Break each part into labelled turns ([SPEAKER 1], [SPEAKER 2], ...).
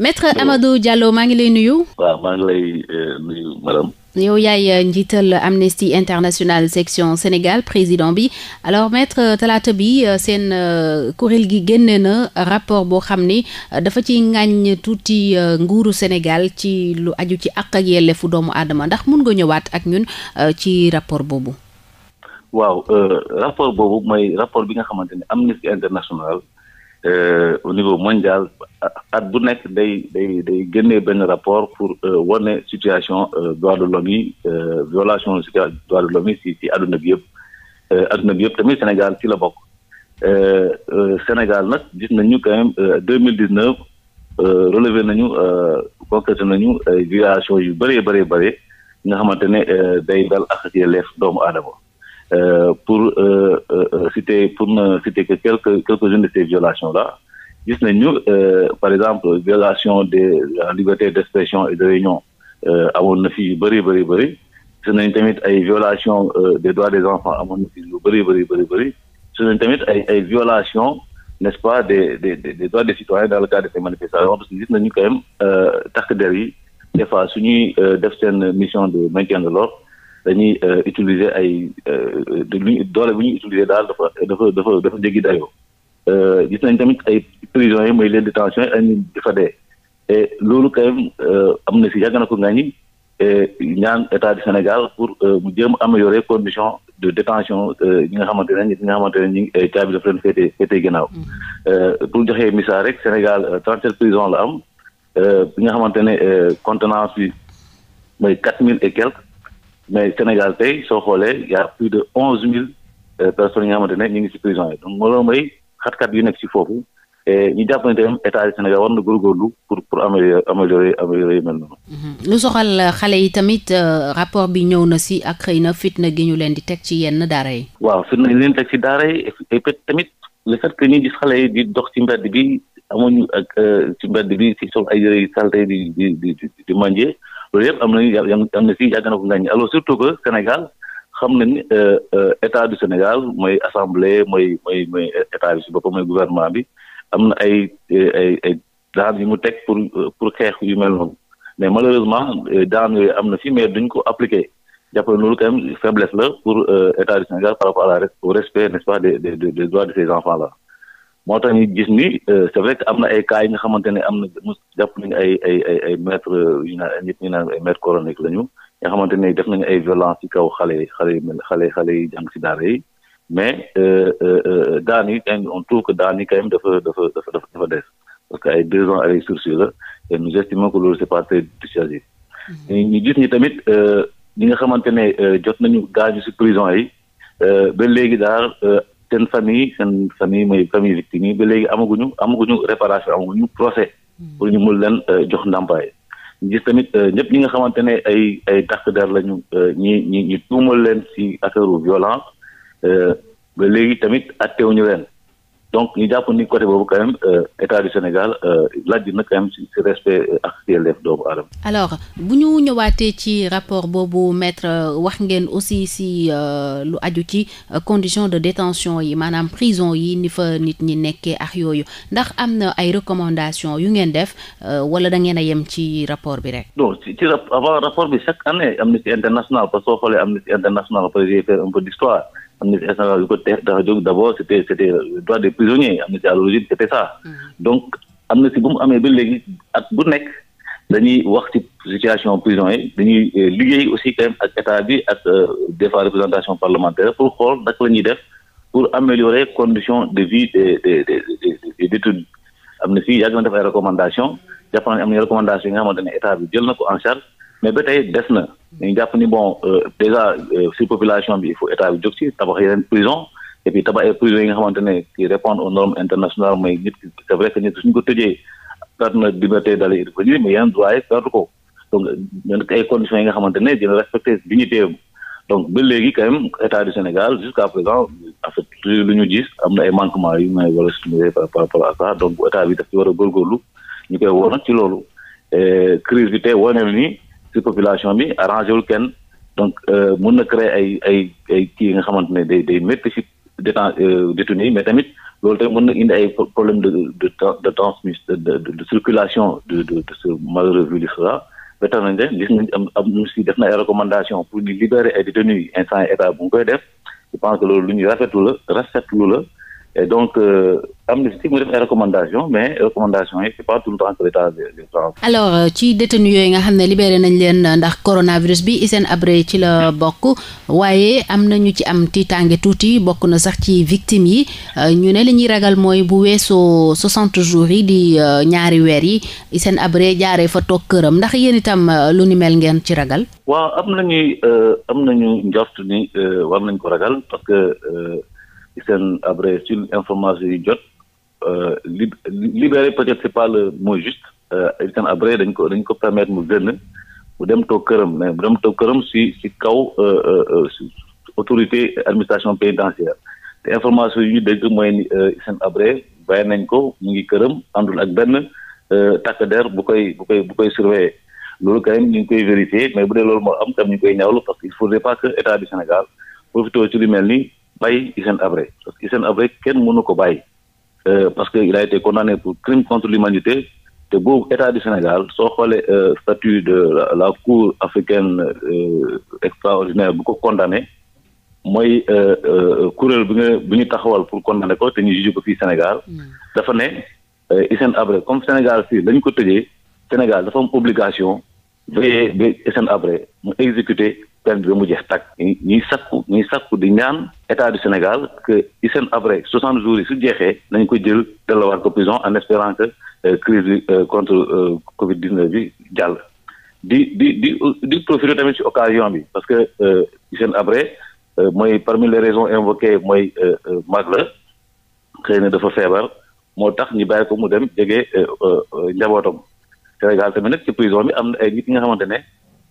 [SPEAKER 1] maître Amadou Diallo maa ngi lay nuyu.
[SPEAKER 2] waaw maa ngi lay eh, nuyu madame.
[SPEAKER 1] yow yaay eh, njiital Amnesty International section Sénégal président bi alors maître talaata bi eh, seen kuréel gi génne na rapport boo xam ni dafa ci ŋàññ tuuti nguuru Sénégal ci lu aju ci àq ak yelleefu doomu aadama ndax mun nga ñëwaat ak ñun ci rapport boobu.
[SPEAKER 2] waaw rapport boobu mooy rapport bi nga xamante Amnesty International. Euh, au niveau mondial at bu nekk day day day génnee benn rapport pour euh, wane situation euh, droit de l'homme yi violation situation droit de l'homme yi si si àdduna bi yëpp àdduna bi yëpp tamit Sénégal ci la bokk Sénégal nag gis nañu quand même deux mille dix neuf relevé nañu concrété nañu violation yu bëree bëree bëri nga xamante ne day dal ak yelleef doomu aadama Euh, pour euh, euh, citer pour ne citer que quelques quelques-unes de ces violations là gis nañu par exemple violation de la liberté d'expression et de réunion amoon na fi bëri bëri bëri gis nañ tamit ay violation des droits des enfants amoon na fi lu bëri bëri bëri bëri gis nañ tamit ay ay violation n'est-ce pas des des des droits des citoyens dans le cadre de ces manifestations parce que gis nañu quand même takk der yi des fois suñuy def seen mission de maintien de l'ordre dañuy euh, utiliser ay euh, doole bu ñuy utiliser daal dafa dafa dafa dafa jéggi dayoo euh, gis nañ tamit ay prison yi mooy leen détention yi ay nit di fa dee et loolu kayam am na si yàgg na ko ngaañi ñaan état du Sénégal pour mu jéem améliorer condition de détention ñi nga xamante ne ñi nga xamante ne ñi caabi dafa leen féete ginnaaw mm. pour joxee misaal rek Sénégal trente-sept prison la am bi nga xamante ne contenance bi mooy quatre mille et quelques mais Sénégal tey soo xoolee y' a plus de onze mille euh, personnes yi nga xamante ne ñu ngi ci prison yi donc loolu mooy xat-xat yu nekk ci foofu et ñu jàpp ne tamit état du Sénégal war na pour pour améliorer améliorer améliorer yu mel noonu.
[SPEAKER 1] Mhm. lu soxal euh, xale yi tamit euh, rapport bi ñëw na ci ak xëy na fitna gi ñu leen di teg ci yenn daara yi.
[SPEAKER 2] waaw fitna gi leen di teg ci daara tamit le fait que ñu gis xale yi di dox ci mbedd bi amuñu ak ci mbedd bi ci sol ay yooyu yu salte di di di loolu yëpp am nañu yàgg na si yàgg na ko ngañ alors surtout que Sénégal xam na ni euh, euh, état du Sénégal mooy assemblée mooy mooy mooy état bi si boppam mooy gouvernement bi am na ay ay ay daan yu mu teg pour pour xeex yu mel noonu mais malheureusement euh, daan yooyu am na fi mais duñ ko appliqué jàpp na loolu quand même faiblesse la pour état du Sénégal par rapport à la respect nest pas des des de ces moo tax ñu gis ni euh, c'est vrai que am na ay cas yi nga xamante ne am na mu jàpp nañu ay ay ay ay maître yu euh, nit ñi naan ay maître coranique lañu nga xamante ne def nañu ay violence ci kaw xale yi xale yi xale xale yi jàng ci daara yi mais euh, daan yi on trouve que daan yi quand dafa dafa dafa dafa parce que ay deux ans avec sursis la et nous estimons que loolu c'est pas très yi mm-hmm. ñu gis ni tamit ñi nga xamante ne jot nañu gaañu ci prison yi ba léegi daal ten famille seen famille mooy famille victime yi ba léegi amaguñu amaguñu réparation amaguñu procès hmm. pour ñu mun leen euh, jox ndàmpaay ñu tamit euh, ñëpp ñi nga xamante ne ay ay takk der lañu euh, ñi ñi ñu tuumal leen ci affaire violence ba léegi tamit attewuñu leen donc ñu jàpp ni côté boobu quand même euh, état du Sénégal euh, laaj na quand même si respect euh, ak yelleef doomu aadama.
[SPEAKER 1] alors bu ñu ñëwaatee ci rapport boobu maître wax ngeen aussi si lu aju ci condition de détention yi maanaam prison yi ni fa nit ñi nekkee ak yooyu ndax am na ay recommandations yu ngeen def wala da ngeen a yem ci rapport bi rek.
[SPEAKER 2] non ci ci avant rapport bi chaque année Amnesty International parce que soo xoolee Amnesty International après j'ai un peu d'histoire am internationale lu ko teex tax a jóg d' abord c' était c' était droit des prisonniers amnistie à bu mu amee ba léegi ak bu nekk dañuy wax ci situation prison yi eh, eh, dañuy liggéey aussi quand ak état bi eh, ak des fois représentation parlementaire pour xool naka la ñuy def pour améliorer conditions de vie des des des détenus am na fii yàgg na def ay recommandations jàpp naa ne am na recommandation yi nga xamante ne état bi jël na ko en charge mais ba tey des na dañu jàpp ni bon euh, déjà euh, sur population bi il faut état bi jóg ci tabax yeneen prison et tabax ay prison yi nga xamante ne qui répondent aux normes internationales mooy ki c'est vrai que nit suñu ko tëjee perte na liberté d'aller et revenir mais yeneen droit yi perte ko donc ay conditions yi nga xamante ne dina respecter dignité donc ba léegi quand même état du Sénégal jusqu'à présent en lu ñu gis am na ay manquements yu may war a soulever par rapport à ça donc état bi daf ci war a góorgóorlu ñu koy woo nag ci loolu crise bi te wane na ci population bi arrangé wul kenn donc euh, mën na créer ay ay ay kii yi nga xamante ne day day métti si déten euh, détenu yi mais tamit loolu tamit mën na indi ay problème de de de transmission de de circulation de de de ce malheureux virus là ba nañ de gis nañ am am ñu si def na ay recommandation pour ñu libérer ay détenus yi instant état bu ñu koy def je pense que loolu lu ñuy rafetu la rafetlu la et donc euh, Amnesty mu def ay recommandation mais recommandation yi c'est pas tout le temps que l'État les
[SPEAKER 1] prend alors euh, ci détenu yooyu nga xam ne libéré nañ leen ndax coronavirus bi seen Habré ci la bokk waaye am na ñu ci am tiitaange tuuti bokk na sax ci victime yi euh, ñu ne li ñuy ragal mooy bu weesoo soixante jours yi di ñaari weer yi seen abre jaaree fa toog këram ndax yéen itam lu nimel ngeen ci ragal
[SPEAKER 2] waaw am nañuy am nañu njort ni war nañ ko ragal parce que seen après suñu information yi jot euh, li libéré peut-être c'est le moo juste euh, seen après dañ ko dañ ko permettre mu gën mu dem toog këram mais mu dem toog këram si kaw euh, autorité administration pénitentiaire te information yi ñu dégg mooy seen après bàyyi nañ ko mu ngi këram àndul ak benn takk der bu koy bu koy bu koy surveiller loolu quand même ñu koy vérifier mais bu dee loolu moo am tam ñu koy ñaawlu parce que il faudrait pas que état du Sénégal profité ni bàyyi Hissène Habré parce que Hissène Habré kenn mënu ko bàyyi euh, parce que il a été condamné pour crime contre l'humanité te boobu état du Sénégal soo xoolee euh, statut de la cour africaine euh, extraordinaire bu ko condamné mooy kuréel bi nga bi ñu taxawal pour condamné ko te ñu juge ko fii Sénégal mm. dafa ne Hissène Habré comme Sénégal fii lañu ko tëjee Sénégal dafa am obligation veillé ba seen abre mu exécuté peine bi ba mu jeex tàkk ñuy sakku ñuy sakku di ñaan état du Sénégal que Hissène Habré soixante jours yi su jeexee nañ ko jël delluwaat ko prison en espérant que euh, crise bi euh, contre euh, Covid 19 bi jàll. di di di di profité tamit ci occasion bi parce que Hissène Habré mooy parmi les raisons invoquées mooy mag la xëy na dafa feebar moo tax ñi bàyyi ko mu dem jege njabootam. Sénégal tamit nag ci prison bi am na ay nga xamante ne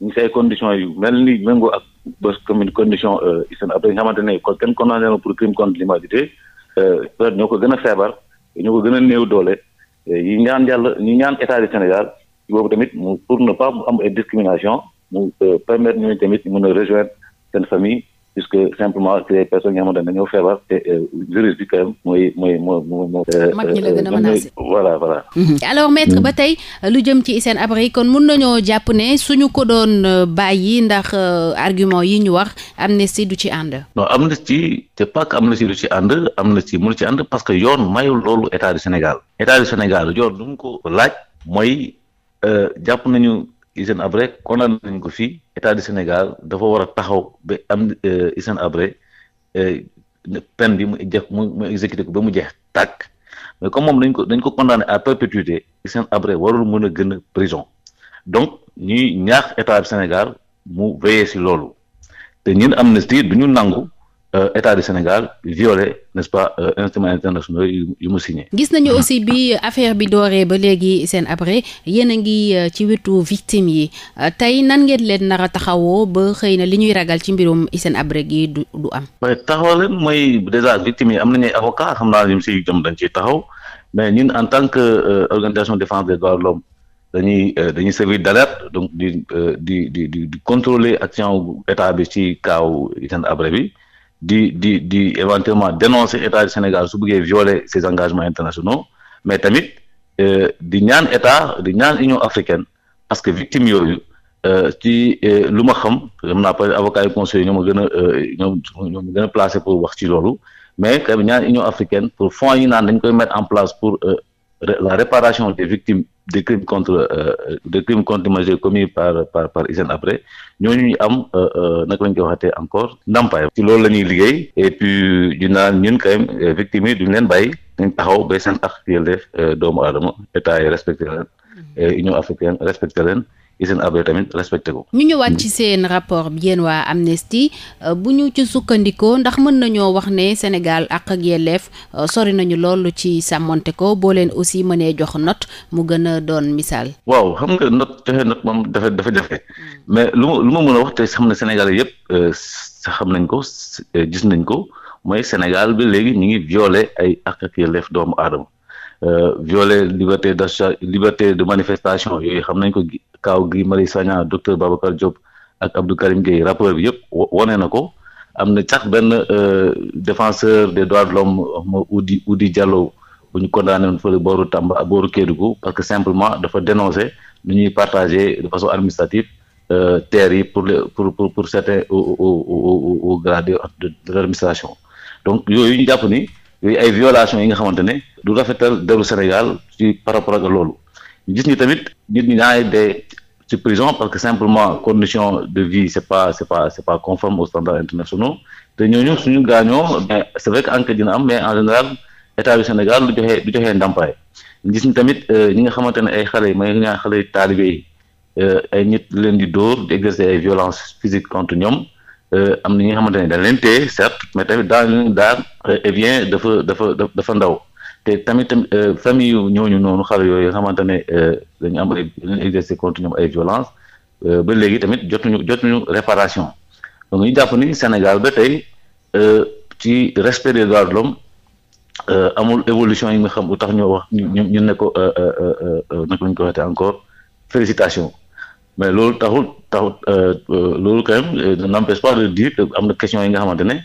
[SPEAKER 2] ñu si conditions yu mel ni méngoo ak bés commune condition hygiène euh, après nga xamante ne kon kenn condamné na pour crime contre l'humanité euh, ñoo ko gën a feebar ñoo ko gën a néew doole yi euh, ñaan yàlla ñu ñaan état du Sénégal ci boobu tamit mu pour ne pas mu am ay discrimination mu permettre ñu tamit mën a rejoindre seen famille. puisque simplement c'est des nga dañoo feebar te euh, bi quand mooy mooy moo moo moo. Euh, mag ñi la gën a euh, menacé voilà voilà. Mhm.
[SPEAKER 1] alors maître mhm. ba tey lu jëm ci Hissène yi kon mun nañoo jàpp ne suñu ko doon bàyyi ndax argument yi ñu wax amnistie du ci ànd.
[SPEAKER 2] non amnistie c'est pas que amnistie du ci ànd amnistie mënu ci ànd parce que yoon mayul loolu état du Sénégal état du Sénégal yoon lu mu ko laaj mooy jàpp nañu. Hissène Habré condamné nañ ko fii état du Sénégal dafa war a taxaw ba am euh, Hissène Habré euh, peine bi mu jeex mu mu exécuté ko ba mu jeex tàkk mais comme moom dañ ko dañ ko condamné à perpétuité Hissène Habré warul mën a gën a prison donc ñuy ñaax état du Sénégal mu veillé si loolu te ñun Amnesty du ñu nangu Euh, état du Sénégal violé n'est-ce pas euh, instruments internationaux yu mu signé.
[SPEAKER 1] gis nañu aussi bi affaire bi dooree ba léegi seen après yéen a ngi euh, ci wetu victime yi tey nan ngeen leen nar a taxawoo ba xëy na li ñuy ragal ci mbirum seen Habré gi du du am.
[SPEAKER 2] waaye taxaw leen mooy déjà victimes yi am na ay avocats xam naa lim si jëm dañ ciy taxaw mais ñun en tant que organisation de défense des droits de l'homme dañuy dañuy servir d'alerte donc di di di di contrôler action état bi ci kaaw Hissène Habré bi. di di di éventuellement dénoncer état du Sénégal su bëggee violer ses engagements internationaux mais tamit euh, di ñaan état di ñaan union africaine parce que victime yooyu euh, ci euh, lu ma xam xam naa peut-être avocat yu conseil ñoo ma ñoom ñoom placé pour wax ci loolu mais tamit ñaan union africaine pour fonds yi naan dañ koy mettre en place pour la réparation des victimes des crimes contre euh, des crimes contre majeur commis par par par Hissène Habré ñooñu ñu am euh, euh, naka lañ koy waxatee encore ndàmpaay ci loolu la ñuy liggéey et puis ñu naan ñun quand euh, victimes yi duñ leen bàyyi dañ taxaw ba seen tax yële doomu aadama état yi respecté leen mm-hmm. Union africaine respecté leen i seen ab ko.
[SPEAKER 1] ñu ñëwaat ci seen rapport bi yéen waa Amnesty euh, bu ñu ci sukkandikoo ndax mën nañoo wax ne Sénégal ak ak yelleef euh, sori nañu loolu ci sàmmonte ko boo leen aussi mënee jox note mu gën a doon misaal.
[SPEAKER 2] waaw xam nga note joxe note moom dafa dafa jafe mais lu ma lu ma mën a wax xam ne Sénégal yëpp euh, xam nañ ko gis nañ ko mooy Sénégal bi léegi ñu ngi violé ay ak ak yelleef doomu aadama violé liberté d'association liberté de manifestation yooyu xam nañ ko. kaaw Guy Marius Sagna docteur Babacar Diop ak Abdou Karim Gueye rappeur bi yëpp wone na ko am na sax benn euh, défenseur des droits de l'homme ma Oudi Oudi Diallo bu ñu condamné woon fële booru Tamba booru Kédougou parce que simplement dafa dénoncé nu ñuy partagé de façon administrative euh, terres yi pour le pour pour pour certains au au au au grade donc yooyu ñu jàpp ni yooyu ay violations yi nga xamante ne du rafetal deru Sénégal ci par rapport ak loolu gis ñu tamit nit ci prison parce que simplement condition de vie c'est pas c'est pas c'est pas conforme aux standards internationaux te ñooñu suñu gaañoo mais c'est vrai que enquête dina am mais en général état du Sénégal du joxe du joxe ndàmpaay gis tamit euh, ñi nga xamante ne ay xale may ñaa xale taalibe yi euh, ay nit leen di dóor di exercer ay violences physiques contre ñoom euh, am na ñi nga xamante ne dañ leen téye certes mais tamit dans leen daar et eh bien dafa dafa dafa ndaw te tamit euh, famille yu ñooñu noonu xale yooyu nga xamante ne euh, dañu am ay dañu exercer contre ñoom ay violence euh, ba léegi tamit jot ñu réparation donc ñu jàpp ni Sénégal ba tey ci respect des droits de l'homme amul évolution yi nga xam lu tax ñoo wax ñu ñu ne ko naka ko waxee encore félicitations mais loolu taxul taxut loolu quand même n'empêche pas de dire am na question yi nga xamante ne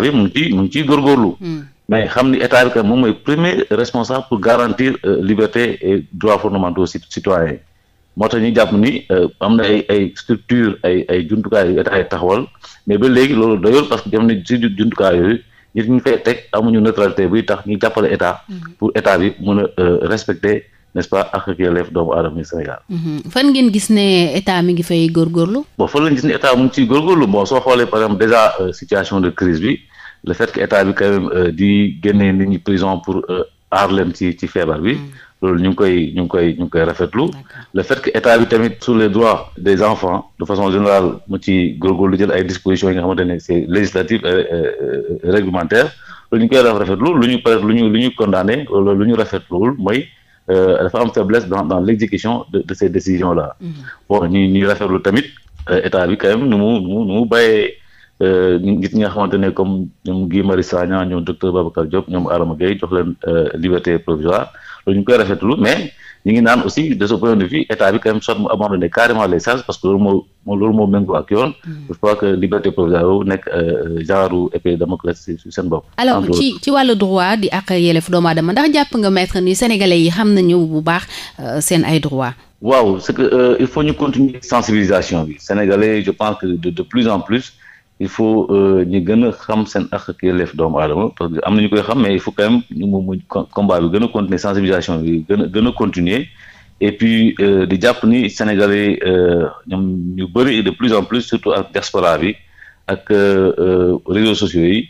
[SPEAKER 2] bi mu ngi mu ngi ciy góorgóorlu hmm. mais xam ni état bi kat moom mooy premier responsable pour garantir euh, liberté et droits fondamentaux citoyens moo tax ñu jàpp ni euh, am na ay ay structure ay ay jumtukaay yu état yi taxawal mais ba léegi loolu doyul parce que dem ni si jumtukaay yooyu nit ñu fay teg amuñu neutralité buy tax ñu jàppale état mm-hmm. pour état bi mën a euh, respecter n'est-ce pas ak ak yelleef doomu aadama yi Sénégal.
[SPEAKER 1] Mm-hmm. fan ngeen gis ne état mi ngi fay góorgóorlu.
[SPEAKER 2] bon fan lañ gis ne état mu ngi ciy góorgóorlu de crise bi. le fait que état bi quand même euh, di génnee nit prison pour euh, aar ci ci bi mm. loolu ñu ngi koy ñu ngi koy ñu ngi koy rafetlu le fait que état bi tamit sur les droits des enfants de façon générale mu ci lu jël ay dispositions yi nga xamante ne c'est législative et euh, réglementaire loolu ñu koy rafetlu lu ñu peut-être lu ñu lu ñu condamné loolu lu ñu rafetluwul mooy dafa am faiblesse dans dans de ces décisions là mm. bon ñu ñuy rafetlu tamit état bi quand nu mu nu mu bàyyee nit ñi nga xamante ne comme ñoom Guy Marius Sagna ñoom docteur Babacar Diop ñoom Adama Gueye jox leen euh, liberté provisoire loolu ñu koy rafetlu mais ñu ngi naan aussi de ce point de vue état bi quand mu abandonné carrément les charges parce que loolu moo moo ak yoon. Mm. je crois euh, ci que euh, il faut ñu continuer sensibilisation bi sénégalais je pense que de plus en plus. il faut euh, ñu gën a xam seen ak ak yelleef doomu aadama parce que am na ñu koy xam mais il faut quand même ñu mu combat bi gën a continuer sensibilisation bi gën a gën a continuer et puis euh, di jàpp ni Sénégalais euh, ñoom ñu bëri de plus en plus surtout ak diaspora bi ak réseaux sociaux yi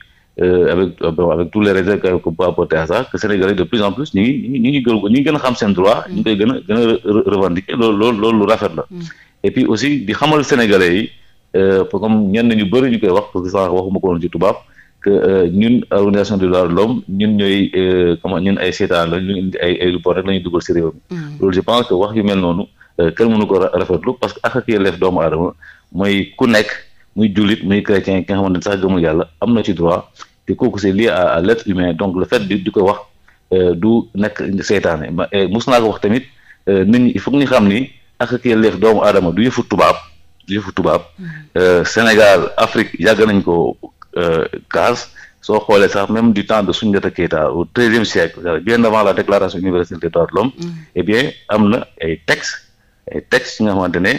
[SPEAKER 2] avec avec tous les réserves que peut apporter à ça que de plus en plus ñu ngi ñu ngi gën gën a xam seen droit. ñu mm. koy gën a gën a revendiquer loolu lu rafet la. Mm. et puis aussi di xamal Sénégalais yi. Euh, comme ñenn ñu bëri ñu koy wax parce que sànq waxuma ko woon ci tubaab que euh, ñun organisation des droits euh, ñun ay seetaan la ñu indi ay ay rek la ñuy dugal ci réew mi. Mm. loolu je pense que wax yu nga yàlla am na ci droit te kooku c'est lié à l'être humain donc le fait di di nekk seetaane ba eh, mos naa ko wax tamit nit ñi ñu xam ni ak ak yelleef doomu aadama du yëfu tubaab. yëfu tubaab euh, Sénégal Afrique yàgg nañ ko euh, kaas soo xoolee sax même du temps de Soundiata Keita au treizième siècle bien avant la déclaration universelle des droits de mm. eh bien am na ay textes ay textes yi nga xamante ne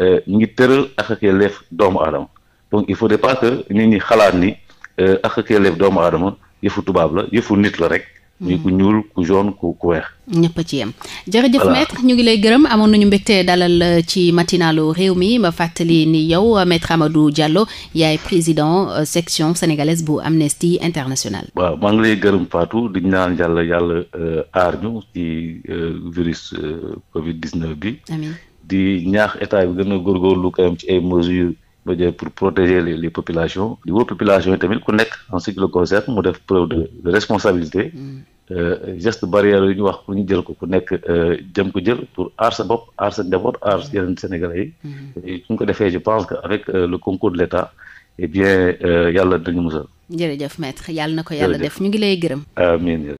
[SPEAKER 2] euh, ngi tëral ak ak yelleef doomu aadama donc il faudrait pas que nit ngi xalaat ni ak ak yelleef doomu aadama yëfu tubaab la yëfu nit la rek muy ku ñuul ku jaune ku ku weex.
[SPEAKER 1] ñëpp ci yem jërëjëf maître ñu ngi lay gërëm amoon nañu mbégte dalal euh, ci matinalu réew mi ma fàttali ni yow euh, maître Amadou Diallo yaay président euh, section sénégalaise bu Amnesty International.
[SPEAKER 2] waaw maa ngi lay gërëm Fatou di ñaan yàlla yàlla aar ñu ci virus Covid 19 bi. di ñaax état bi gën a góorgóorlu kayam ci ay mesures. dire pour protéger les, les populations niveau population yi tamit ku nekk en ce qui mu def preuve de, de responsabilité mm. euh, geste barrière yu ñu wax pour ñu jël ko ku nekk euh, jëm ko jël pour aar sa bopp aar sa njaboot aar mm. yeneen mm. ñu ko defee je pense que avec euh, le concours de l'État
[SPEAKER 1] eh bien yàlla dañu musal jërëjëf maître yàlla na ko yàlla def ñu ngi lay gërëm